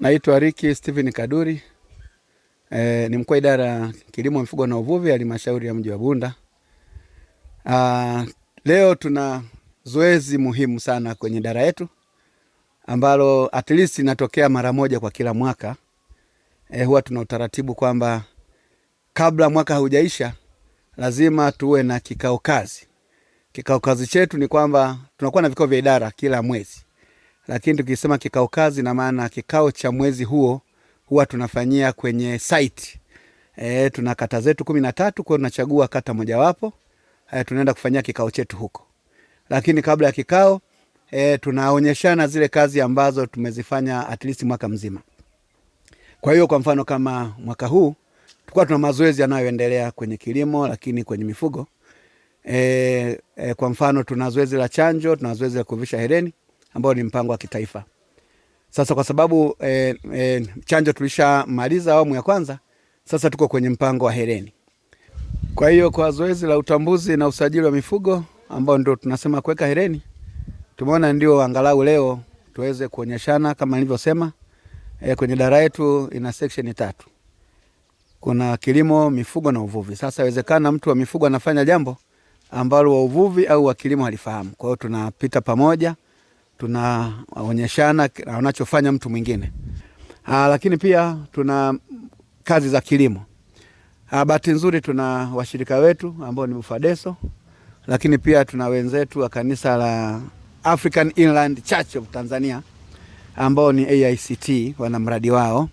Naitwa riki Steven Kaduri. E, ni mkuu wa idara ya kilimo mifugo na uvuvi halmashauri ya mji wa Bunda. A, leo tuna zoezi muhimu sana kwenye idara yetu ambalo at least inatokea mara moja kwa kila mwaka. E, huwa tuna utaratibu kwamba kabla mwaka haujaisha lazima tuwe na kikao kazi. Kikao kazi chetu ni kwamba tunakuwa na vikao vya idara kila mwezi lakini tukisema kikao kazi, na maana kikao cha mwezi huo huwa tunafanyia kwenye site e, tuna kata zetu kumi na tatu, kwa tunachagua kata mojawapo e, tunaenda kufanyia kikao chetu huko, lakini kabla ya kikao e, tunaonyeshana zile kazi ambazo tumezifanya at least mwaka mzima. Kwa hiyo kwa mfano kama mwaka huu tulikuwa tuna mazoezi yanayoendelea kwenye kilimo, lakini kwenye mifugo e, e, kwa mfano tuna zoezi la chanjo, tuna zoezi la kuvisha hereni ambao ni mpango wa kitaifa. Sasa kwa sababu e, e, chanjo tulishamaliza awamu ya kwanza, sasa tuko kwenye mpango wa hereni. Kwa hiyo kwa zoezi la utambuzi na usajili wa mifugo ambao ndio tunasema kuweka hereni, tumeona ndio angalau leo tuweze kuonyeshana kama nilivyosema, e, kwenye dara yetu ina section tatu, kuna kilimo, mifugo na uvuvi. Sasa inawezekana mtu wa mifugo anafanya jambo ambalo wa uvuvi au wa kilimo halifahamu, kwa hiyo tunapita pamoja tunaonyeshana anachofanya mtu mwingine. Ah, lakini pia tuna kazi za kilimo. Ah, bahati nzuri tuna washirika wetu ambao ni Ufadeso, lakini pia tuna wenzetu wa kanisa la African Inland Church of Tanzania ambao ni AICT wana mradi wao.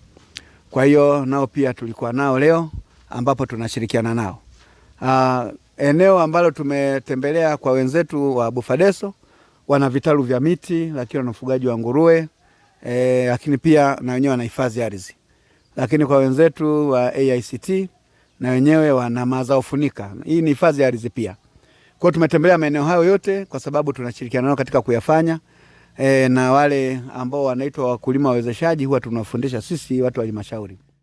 Kwa hiyo nao pia tulikuwa nao leo ambapo tunashirikiana nao. Aa, ah, eneo ambalo tumetembelea kwa wenzetu wa Bufadeso wana vitalu vya miti, lakini wana ufugaji wa nguruwe e, lakini pia na wenyewe wanahifadhi ardhi. Lakini kwa wenzetu wa AICT na wenyewe wana mazao funika, hii ni hifadhi ya ardhi pia. Kwa hiyo tumetembelea maeneo hayo yote kwa sababu tunashirikiana nao katika kuyafanya e, na wale ambao wanaitwa wakulima wawezeshaji huwa tunawafundisha sisi watu wa halmashauri.